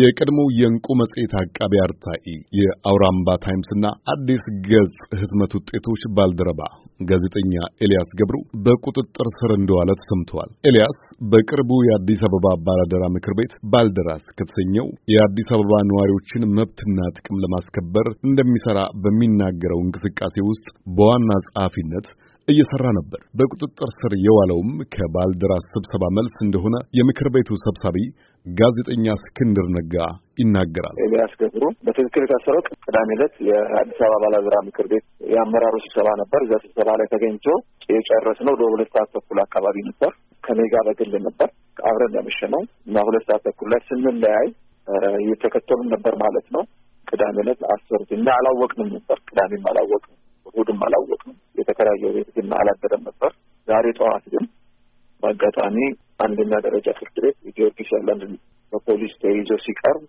የቀድሞ የእንቁ መጽሔት አቃቢ አርታኢ የአውራምባ ታይምስና አዲስ ገጽ ህትመት ውጤቶች ባልደረባ ጋዜጠኛ ኤልያስ ገብሩ በቁጥጥር ስር እንደዋለ ተሰምተዋል። ኤልያስ በቅርቡ የአዲስ አበባ አባላደራ ምክር ቤት ባልደራስ ከተሰኘው የአዲስ አበባ ነዋሪዎችን መብትና ጥቅም ለማስከበር እንደሚሰራ በሚናገረው እንቅስቃሴ ውስጥ በዋና ጸሐፊነት እየሰራ ነበር። በቁጥጥር ስር የዋለውም ከባልደራስ ስብሰባ መልስ እንደሆነ የምክር ቤቱ ሰብሳቢ ጋዜጠኛ እስክንድር ነጋ ይናገራል። ኤልያስ ገብሩ በትክክል የታሰረው ቅዳሜ ዕለት የአዲስ አበባ ባላዝራ ምክር ቤት የአመራሩ ስብሰባ ነበር። እዛ ስብሰባ ላይ ተገኝቶ የጨረስ ነው ሁለት ሰዓት ተኩል አካባቢ ነበር። ከኔ ጋር በግል ነበር አብረን ነው እና ሁለት ሰዓት ተኩል ላይ ስንለያይ እየተከተሉን ነበር ማለት ነው። ቅዳሜ ዕለት አሰሩት። እና አላወቅንም ነበር። ቅዳሜም አላወቅም፣ እሑድም አላወቅንም። የተከራየው ቤት ግን አላደረም ነበር። ዛሬ ጠዋት ግን በአጋጣሚ አንደኛ ደረጃ ፍርድ ቤት ጊዮርጊስ ያለን በፖሊስ ተይዞ ሲቀርብ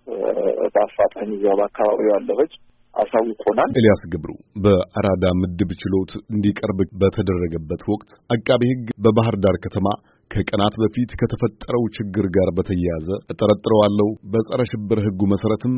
በአፋጣኝ እዚያው በአካባቢው ያለበች አሳውቆናል። ኤልያስ ግብሩ በአራዳ ምድብ ችሎት እንዲቀርብ በተደረገበት ወቅት አቃቤ ህግ በባህር ዳር ከተማ ከቀናት በፊት ከተፈጠረው ችግር ጋር በተያያዘ እጠረጥረዋለሁ። በጸረ ሽብር ሕጉ መሰረትም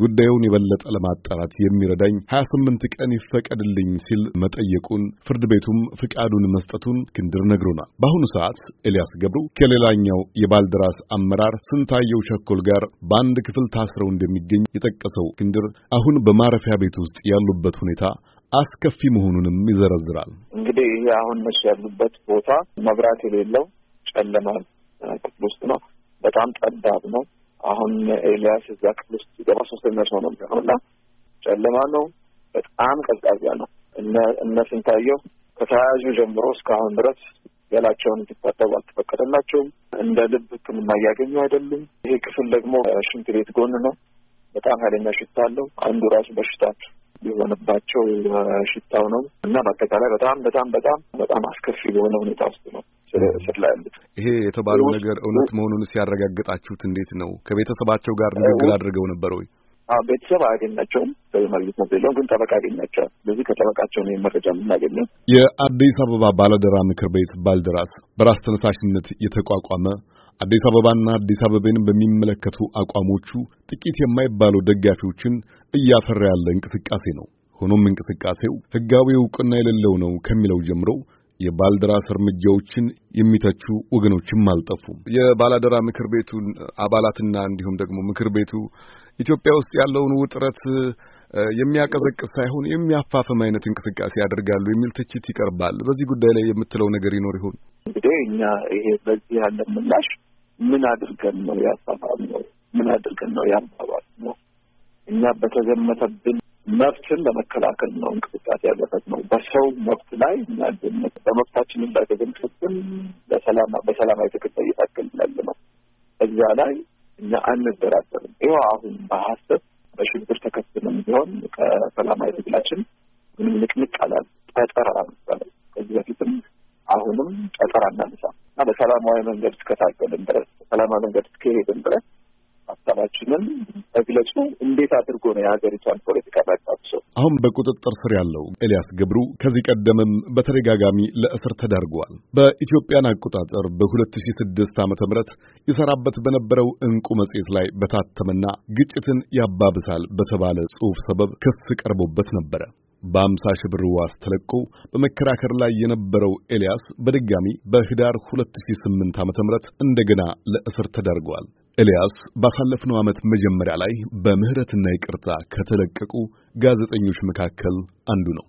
ጉዳዩን የበለጠ ለማጣራት የሚረዳኝ 28 ቀን ይፈቀድልኝ ሲል መጠየቁን ፍርድ ቤቱም ፍቃዱን መስጠቱን ክንድር ነግሮናል። በአሁኑ ሰዓት ኤልያስ ገብሩ ከሌላኛው የባልደራስ አመራር ስንታየው ቸኮል ጋር በአንድ ክፍል ታስረው እንደሚገኝ የጠቀሰው ክንድር አሁን በማረፊያ ቤት ውስጥ ያሉበት ሁኔታ አስከፊ መሆኑንም ይዘረዝራል። እንግዲህ ይህ አሁን እነሱ ያሉበት ቦታ መብራት የሌለው ጨለማ ክፍል ውስጥ ነው። በጣም ጠባብ ነው። አሁን ኤልያስ እዛ ክፍል ውስጥ ሲገባ ሶስተኛ ሰው ነው የሚሆነው እና ጨለማ ነው። በጣም ቀዝቃዛ ነው። እነ ስንታየው ከተያያዙ ጀምሮ እስካሁን ድረስ ገላቸውን እንዲታጠቡ አልተፈቀደላቸውም። እንደ ልብ ሕክምና እያገኙ አይደሉም። ይሄ ክፍል ደግሞ ሽንት ቤት ጎን ነው። በጣም ኃይለኛ ሽታ አለው። አንዱ ራሱ በሽታ የሆነባቸው ሽታው ነው እና በአጠቃላይ በጣም በጣም በጣም በጣም አስከፊ በሆነ ሁኔታ ውስጥ ነው ስር ላይ ያሉት። ይሄ የተባለው ነገር እውነት መሆኑን ሲያረጋግጣችሁት እንዴት ነው? ከቤተሰባቸው ጋር ንግግር አድርገው ነበር ወይ? አዎ ቤተሰብ አያገኛቸውም። በማግኘት ነው የለውም፣ ግን ጠበቃ አገኛቸዋል። ስለዚህ ከጠበቃቸው ነው መረጃ የምናገኘው። የአዲስ አበባ ባለደራ ምክር ቤት ባልደራስ በራስ ተነሳሽነት የተቋቋመ አዲስ አበባና አዲስ አበባን በሚመለከቱ አቋሞቹ ጥቂት የማይባሉ ደጋፊዎችን እያፈራ ያለ እንቅስቃሴ ነው። ሆኖም እንቅስቃሴው ሕጋዊ ዕውቅና የሌለው ነው ከሚለው ጀምሮ የባልደራስ እርምጃዎችን የሚተቹ ወገኖችም አልጠፉም። የባላደራ ምክር ቤቱን አባላትና እንዲሁም ደግሞ ምክር ቤቱ ኢትዮጵያ ውስጥ ያለውን ውጥረት የሚያቀዘቅዝ ሳይሆን የሚያፋፍም አይነት እንቅስቃሴ ያደርጋሉ የሚል ትችት ይቀርባል። በዚህ ጉዳይ ላይ የምትለው ነገር ይኖር ይሆን? እንግዲህ እኛ ይሄ በዚህ ያለ ምላሽ ምን አድርገን ነው ያፋፋም ነው? ምን አድርገን ነው ያባባል ነው? እኛ በተዘመተብን መብትን ለመከላከል ነው እንቅስቃሴ ያለበት ነው። በሰው መብት ላይ ምናድነት በመብታችን እንዳገገንክብን ለሰላማ በሰላማዊ ትክል እየታገል ያለ ነው። እዛ ላይ እኛ አንደራደርም። ይኸው አሁን በሀሰብ በሽብር ተከስንም ቢሆን ከሰላማዊ ትግላችን ምንም ንቅንቅ አላል። ጠጠራ ምሳሌ ከዚህ በፊትም አሁንም ጠጠራ እናነሳ እና በሰላማዊ መንገድ እስከታገልን ድረስ በሰላማዊ መንገድ እስከሄድን ድረስ ሀሳባችንን መግለጹ እንዴት አድርጎ ነው የሀገሪቷን ፖለቲካ ባቃሰው። አሁን በቁጥጥር ስር ያለው ኤልያስ ገብሩ ከዚህ ቀደምም በተደጋጋሚ ለእስር ተዳርጓል። በኢትዮጵያን አቆጣጠር በ2006 ዓ ም ይሰራበት በነበረው እንቁ መጽሔት ላይ በታተመና ግጭትን ያባብሳል በተባለ ጽሑፍ ሰበብ ክስ ቀርቦበት ነበረ። በአምሳ ሺህ ብር ዋስ ተለቆ በመከራከር ላይ የነበረው ኤልያስ በድጋሚ በህዳር 2008 ዓ.ም እንደገና ለእስር ተዳርጓል። ኤልያስ ባሳለፍነው ዓመት መጀመሪያ ላይ በምህረትና ይቅርታ ከተለቀቁ ጋዜጠኞች መካከል አንዱ ነው።